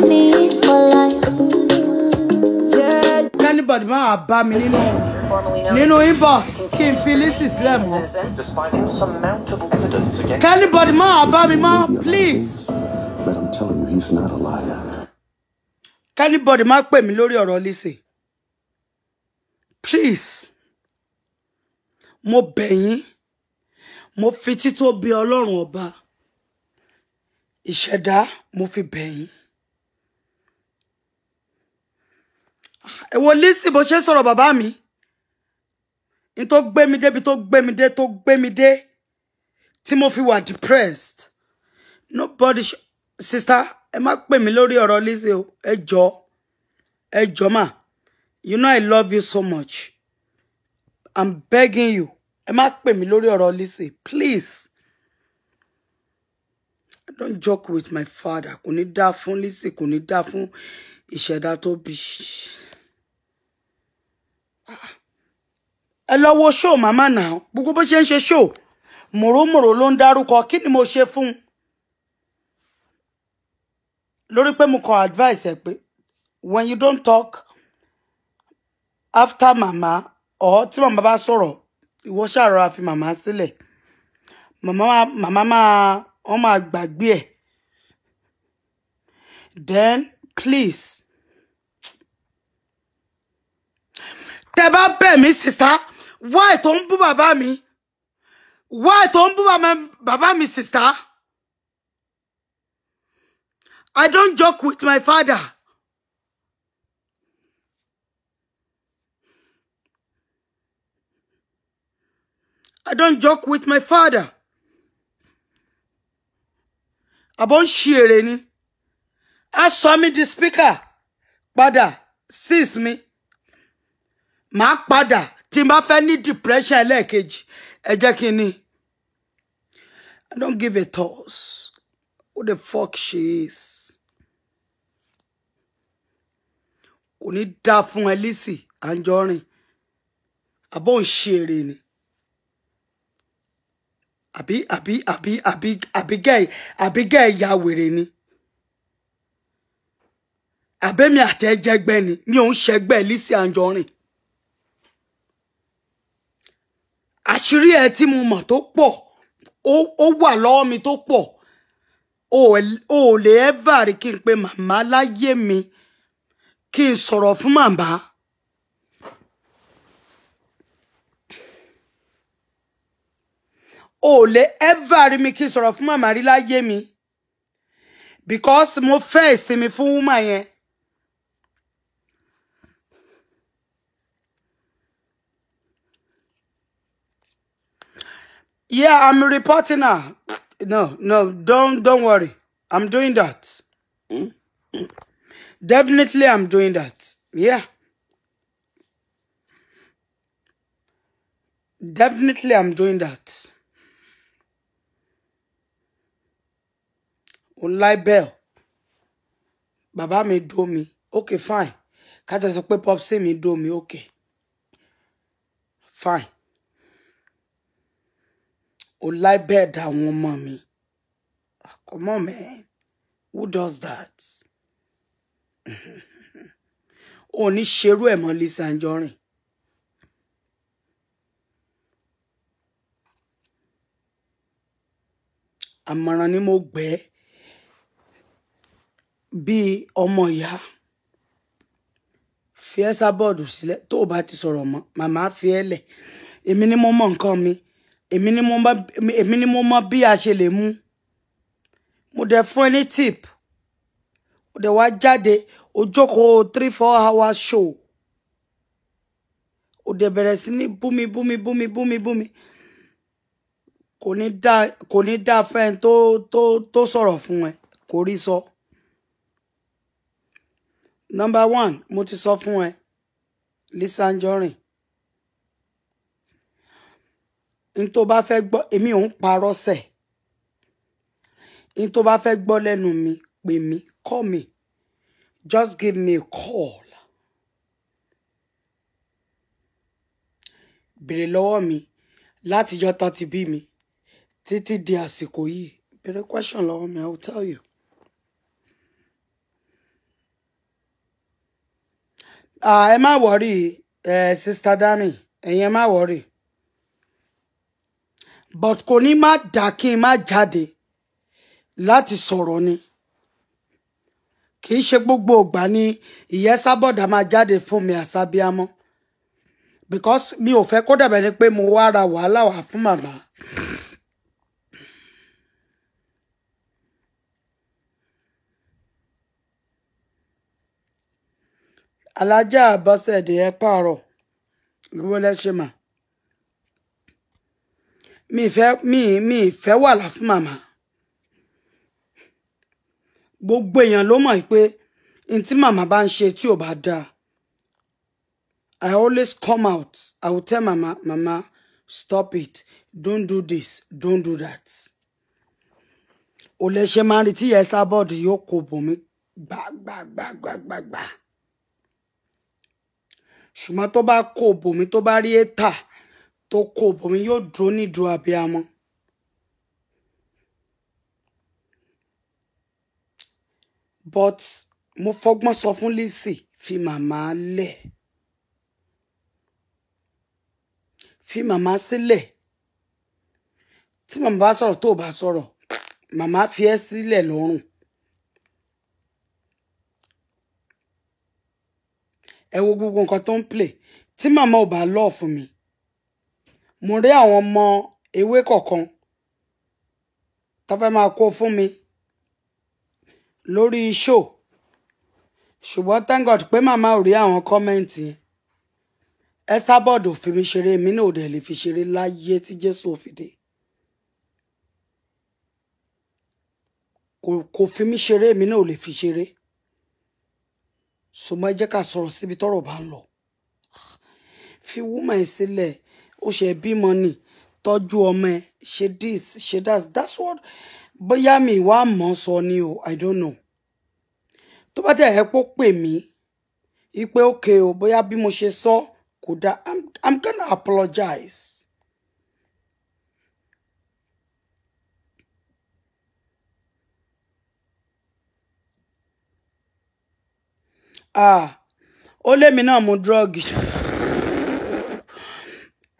with me for life. Yeah, anybody máa bá me nínú Nino inbox kí Felicity. fi lísì sílẹ̀ mọ́. anybody máa bá mi mọ́ please. But I'm telling you, he's not a liar. Can anybody man pè mí lórí ọ̀rọ̀ lísì please mo bẹ̀ mo fiti to títóbi ọlọ́run ọba ìṣẹ̀dá mo fi bẹ̀ ẹ wo Lizzy bó ṣe sọ̀rọ̀ bàbá mi n tó gbé mi débi tó gbé mi dé tó gbé mi dé tí mo fi wà depressed nobody sister ẹ má pè mí lórí ọ̀rọ̀ Lizzy o ẹ jọ ẹ jọ mà you know I love you so much I'm begging you ẹ má pè mí lórí ọ̀rọ̀ Lizzy please I don't joke with my father kò ní dá fún Lizzy kò ní dá fún ìṣẹ̀dá tó bí ẹ lọ wo ṣó màmá náà gbogbo bó ṣe ń ṣe ṣó mòrómòró ló ń dárúkọ kí ni mo ṣe fún un lórí pé mo kọ advice ẹ pé when you don't talk after mama or tí màmá bá sọ̀rọ̀ ìwọ ṣàrọra fi Mama sílẹ̀ mama màmá máa wọn máa gbàgbé ẹ then please tẹ́ bá bẹ̀ sista why tó ń bú bàbá mi why tó ń bú bàbá mi sista I don't joke with my father. I don't joke with my father. Abon ṣeré ni. A sọ mi the speaker padà sees me màá padà tí n bá fẹ́ ní depression ẹlẹ́ẹ̀kejì ẹ jẹ́ kí n ní i don't give a toss who the fuck she is kò ní dá fún ẹ Lizzy Anjorin àbọ̀ ń ṣe èrè ni àbí àbí àbí àbí àbígẹ́ àbígẹ́ ìyá wèrè ni àbẹ́mi àtẹ́jẹ́gbẹ́ ni ni òun ṣẹgbẹ́ Lizzy Anjorin. àṣírí ẹ tí mo mọ̀ tó pọ̀ ó wà lọ́wọ́ mi tó pọ̀ o ò lè ẹ́và rí kí n pe màmá láyé mi kí n sọ̀rọ̀ fún màmá. o ò lè ẹ́và rí mi kí n sọ̀rọ̀ fún màmá rí láyé mi because mo fẹ́ ìsinmi fún wúmà yẹn. Yeah, I'm reporting her. No, no, don't don't worry. I'm doing that. Definitely I'm doing that. Yeah. Definitely I'm doing that. Online bell. Bàbá mi dó mi. Okay, fine. Ká tẹ̀ sọ pé pọ́psí mi dó mi. Okay. Fine o lie bed àwọn ọmọ mi ah, come on man who does that ò ní ṣerú ẹ̀ mọ́ Lizzy Anjorin àmọ̀ràn ni mo gbẹ́ bíi ọmọ ìyá fi ẹ́ sábọ́ọ̀dù sílẹ̀ tó o ti sọ̀rọ̀ mọ́ màmá fi ẹ́ ni mo mọ nǹkan mi èmi ni mo mọ bí a ṣe lè mú mo dẹ̀ fún ẹ ní tip mo dẹ̀ wá jáde ó three four hour show ó dẹ̀ bẹ̀rẹ̀ sí ní búmi búmi búmi búmi búmi kò ní dá kò ní dá fẹ́ni tó tó tó sọ̀rọ̀ fún ẹ kò rí sọ. number one mo ti sọ fún ẹ Lizzy Anjorin n tó bá fẹ́ gbọ́ èmi ò ń parọ́ sẹ̀ n tó bá fẹ́ gbọ́ lẹ́nu mi pè mí call me just give me a call béèrè lọ́wọ́ mi látijọ́ tán ti bí mi títí di àsìkò yìí béèrè question lọ́wọ́ mi I will tell you. Ah, ẹ má wọrí eh, sista Dami ẹ̀yin ẹ má wọrí but kò ní má dà kí n má jáde láti sọ̀rọ̀ ni kì í ṣe gbogbo ìgbà ni ìyẹn sábọ̀dà máa jáde fún mi àsábíámọ́ because mi ò fẹ́ kó dàbẹ̀ ni pé mo wá ra wàhálà wá fún màmá. alájà bọ́sẹ̀dé ẹ pààrọ̀ ìwọlẹ́ṣẹ̀mà mi fẹ́ mi mi fẹ́ wàhálà fún màmá gbogbo èèyàn ló mọ̀ pé n tí màmá bá ń ṣe tí ò bá dáa I always come out I will tell mama mama stop it don't do this don't do that ò lè ṣe máa ń retí yẹn sábọ́ọ̀dù yóò kó bòmí gbàgbàgbàgbàgbà ṣùgbọ́n tó bá kó bòmí tó bá rí ètà. E tó kó bòmí yóò dúró nídùú abiyamọ. but mo fọgbọ́n sọ fún Lizzy fi màmá lẹ̀ fi màmá sílẹ̀ tí màmá bá sọ̀rọ̀ tó bá sọ̀rọ̀ màmá fi ẹ́ sílẹ̀ lọ́rùn. ẹ wo gbogbo nǹkan tó ń play tí màmá ò bá lọ́ọ̀ fún mi mo rí àwọn ọmọ ewé kọ̀ọ̀kan tó fẹ́ máa kó fún mi lórí show ṣùgbọ́n thank God pé màmá ò rí àwọn kọ́mẹ́ǹtì yẹn ẹ sábọ̀dọ̀ fi mi ṣeré mi náà ò dẹ̀ lè fi ṣeré láyé tí Jésù ò fi dé kò fi mi ṣeré mi náà ò lè fi ṣeré ṣùgbọ́n ẹ jẹ́ ká sọ̀rọ̀ síbi tọ́rọ̀ bá ń lọ fi wúmọ̀ ẹ sílẹ̀ ó ṣe bímọ ni tọ́jú ọmọ ẹ ṣe this ṣe that that's what bóyá mi ìwà mọ̀ sọ ni o i don't know tó bá dẹ̀ ẹ́ pò pè mí ipe òkè o bóyá bí mo ṣe sọ kò dáa i'm i'm gonna apologize. ah ó lémi náà mu drug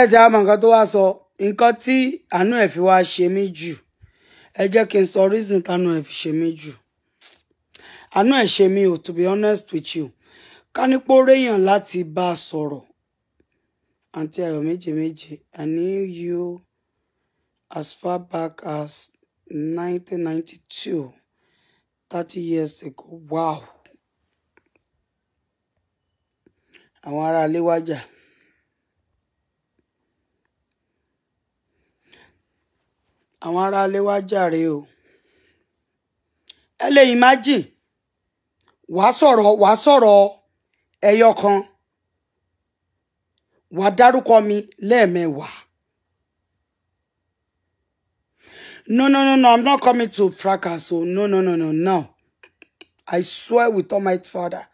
ẹ ti àmọ́ nǹkan tó wá sọ nǹkan tí àánú ẹ̀ fi wá ṣe mí jù ẹ jẹ́ kí n sọ reason tánú ẹ̀ fi ṣe mí jù àánú ẹ̀ ṣe mí o to be honest with you ká ní pé ó réyàn láti bá a sọ̀rọ̀ àǹtí ayọ̀ méje méje I knew you as far back as 1992 30 years ago wow àwọn ará ilé wájà. àwọn aráalé wá jàre o ẹ lè imagine wàá sọ̀rọ̀ wàá sọ̀rọ̀ ẹyọ kan wàá dárúkọ mi lẹ́ẹ̀mẹwàá no no no no i'm not coming to fracas o no no no no no i swear with almighty father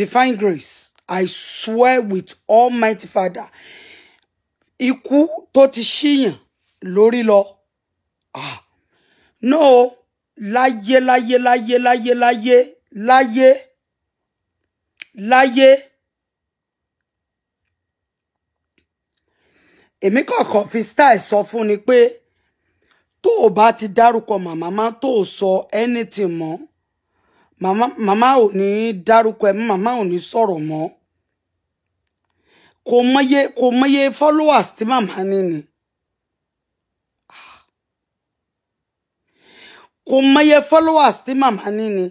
Define grace i swear with almighty father ikú tó ti ṣíyàn lórí lọ ah no láyé láyé láyé láyé láyé láyé láyé èmi kọ̀ọ̀kan fi style sọ fún ni pé tó o bá ti dárúkọ màmá má tó o sọ anything mọ́ màmá màmá ò ní dárúkọ ẹ màmá ò ní sọ̀rọ̀ mọ́ kò mọye kò mọye followers tí màmá ní ni. ni kò mọye followers tí màmá ní ni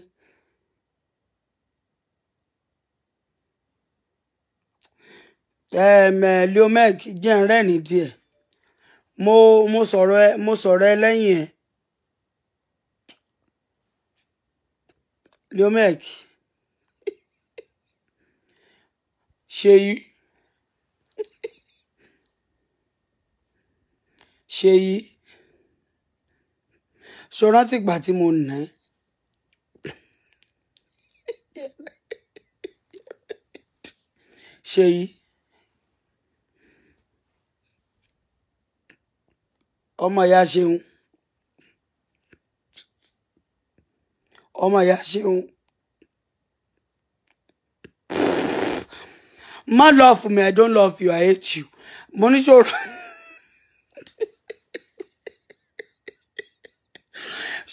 eh, leomeg jẹ́ ń rẹ́ ní mo mo sọ̀rọ̀ mo sọ̀rọ̀ ẹ lẹ́yìn ẹ leomeg ṣèyí ṣèyí. So rántí ìgbà tí mo nà ẹ́ ṣe yìí ọmọ ìyá ṣeun ọmọ ìyá ṣeun má love me i don't love you i hate you mo ní ṣòro.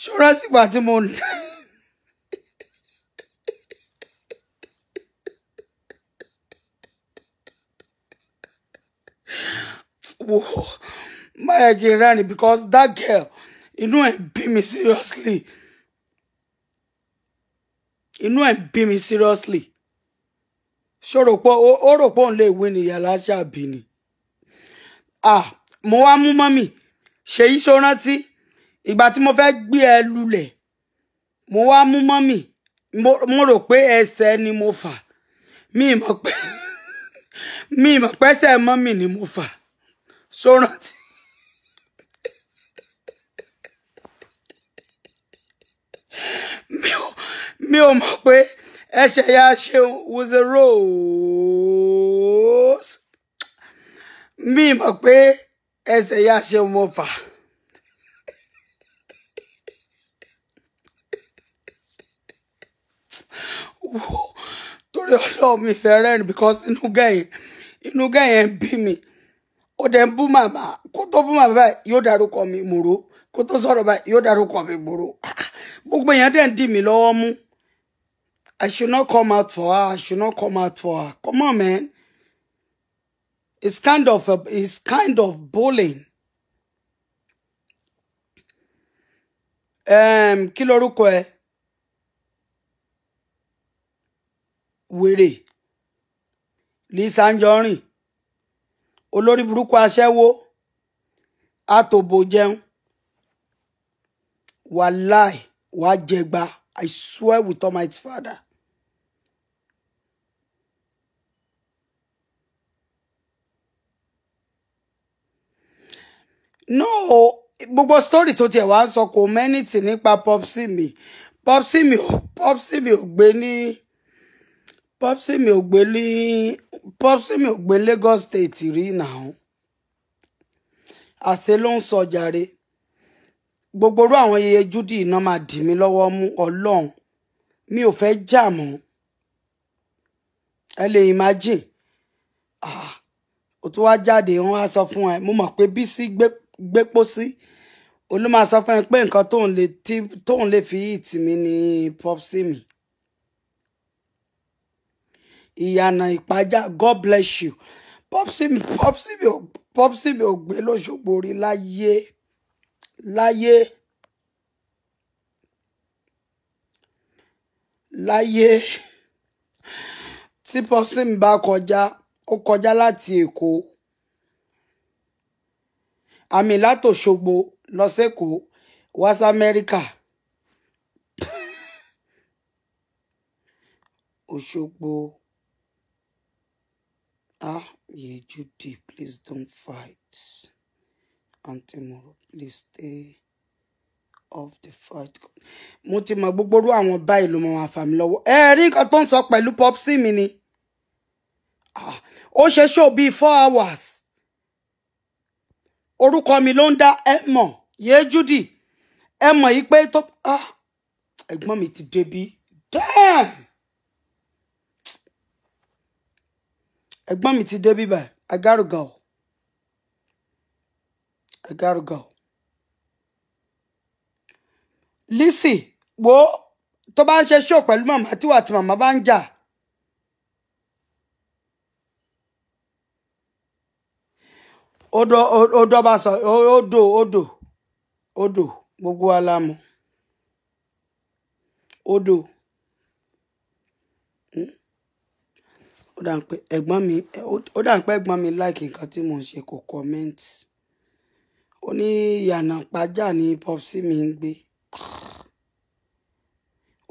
ṣọ́ra sígbà tí mo ná. wò ó má yẹ kí n rán ni because that girl inú ẹ̀ bí mi seriously inú ẹ̀ bí mi seriously ṣó rò pé ó rò pé òun lè wí ni ìyá láṣà bí ni ah mo wá mú mọ́mì ṣèyí ṣó rántí ìgbà tí mo fẹ́ gbé ẹ lulẹ̀ mo wá mú mọ́mì mo rò pé ẹsẹ̀ ni mo fà mí ìmọ̀ pé mí ìmọ̀ pẹ́sẹ̀ mọ́mì ni mo fa, so rántí. mi ò mọ̀ pé ẹsẹ̀ ya ṣeun was a rose mi ìmọ̀ pé ẹsẹ̀ ya ṣeun mo fa. wò torí ọlọ́run mi fẹ́ rẹ́rìn inú gẹ̀yìn inú gẹ̀yìn bí mi ó dẹ̀ ń bú màmá kó tó bú màmá báyìí yóò dárúkọ mi mòró kó tó sọ̀rọ̀ báyìí yóò dárúkọ mi gbòòrò gbogbo èèyàn dẹ̀ ń dì mí lọ́wọ́ mú I should not come out for her I should not come out for her come on man it's kind of a, it's kind of bullying. Um, kí lorúkọ ẹ wèrè Lizzy Anjorin olórí burúkú aṣẹ́wó àtòbò jẹun wàláì wàá jẹgba I swear with Almighty Father. no gbogbo story tó tiẹ̀ wá ń sọ kò mẹ́nìtì nípa popsi mi popsi mi ò popsi mi ò gbé ní. Ni popsi mi ò gbé ní popsi mi ò gbé Lagos State rí nàá àṣẹ ló ń sọ jàre gbogbo orú àwọn yeye judy iná máa dì mí lọ́wọ́ mú ọlọ́run mi ò fẹ́ jà mọ́ ẹ lè imagine ah, ó tún wá jáde wọn á sọ fún ẹ mo mọ̀ pé bísí gbé pósí olú máa sọ fún ẹ pé nǹkan tóun lè fi hìtì mi ní popsi ìyànà ìpájà god bless you popsi mi popsi mi ò popsi mi ò gbé lóṣogbo rí láyé láyé láyé tí popsi mi bá kọjá ó kọjá láti èkó àmì látòṣogbo lọ sẹ́kọ̀ọ́ wá sí Ah, Judy, please don't fight. Auntie Moro, please stay off the fight. Mo ti mọ gbogbo irú àwọn báyìí ló mọ àwọn àfàmì lọ́wọ́. Ẹ rí nǹkan tó ń sọ pẹ̀lú popsi mi ni. Ah, ó ṣe ṣó bíi four hours. Orúkọ mi ló ń dá ẹ mọ̀ Yejudi. Ẹ mọ̀ yìí pé tó ah, mi ti débi. Damn! ẹ̀gbọ́n mi ti dé bíbà I gotta go I gotta go Lizzy wo tó bá ń ṣe show pẹ̀lú màmá tíwà tí màmá bá ń jà. odo odo bá sọ odo odo odo gbogbo alamu odo. odo. dà ń pé ẹ̀gbọ́n mi ó dà ń pé ẹ̀gbọ́n mi láìkì nǹkan tí mò ń ṣe kò kọ́mẹ́ǹtì ó ní yànnà pàjá ni popsi mi ń gbé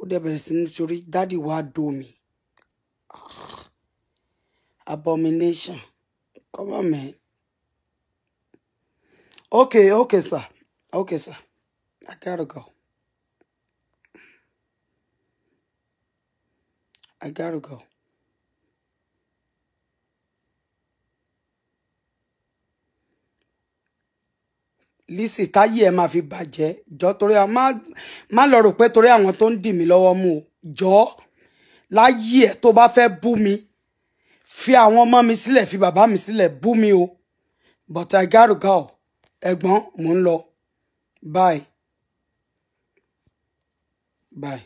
ó dẹ̀ bẹ̀rẹ̀ sí nítorí dádì wa do mi abomination come on man okay okay sir okay sir I gotta go. I gotta go. Lizzy táyé ẹ máa fi bàjẹ́ jọ torí a má lọ rò pé torí àwọn tó ń dì mí lọ́wọ́ mú o jọ láyé ẹ tó bá fẹ́ bú mi fi àwọn ọmọ mi sílẹ̀ fi bàbá mi sílẹ̀ bú mi o bọ̀tà gárùgà ọ̀ ẹ̀gbọ́n mò ń lọ bye bye.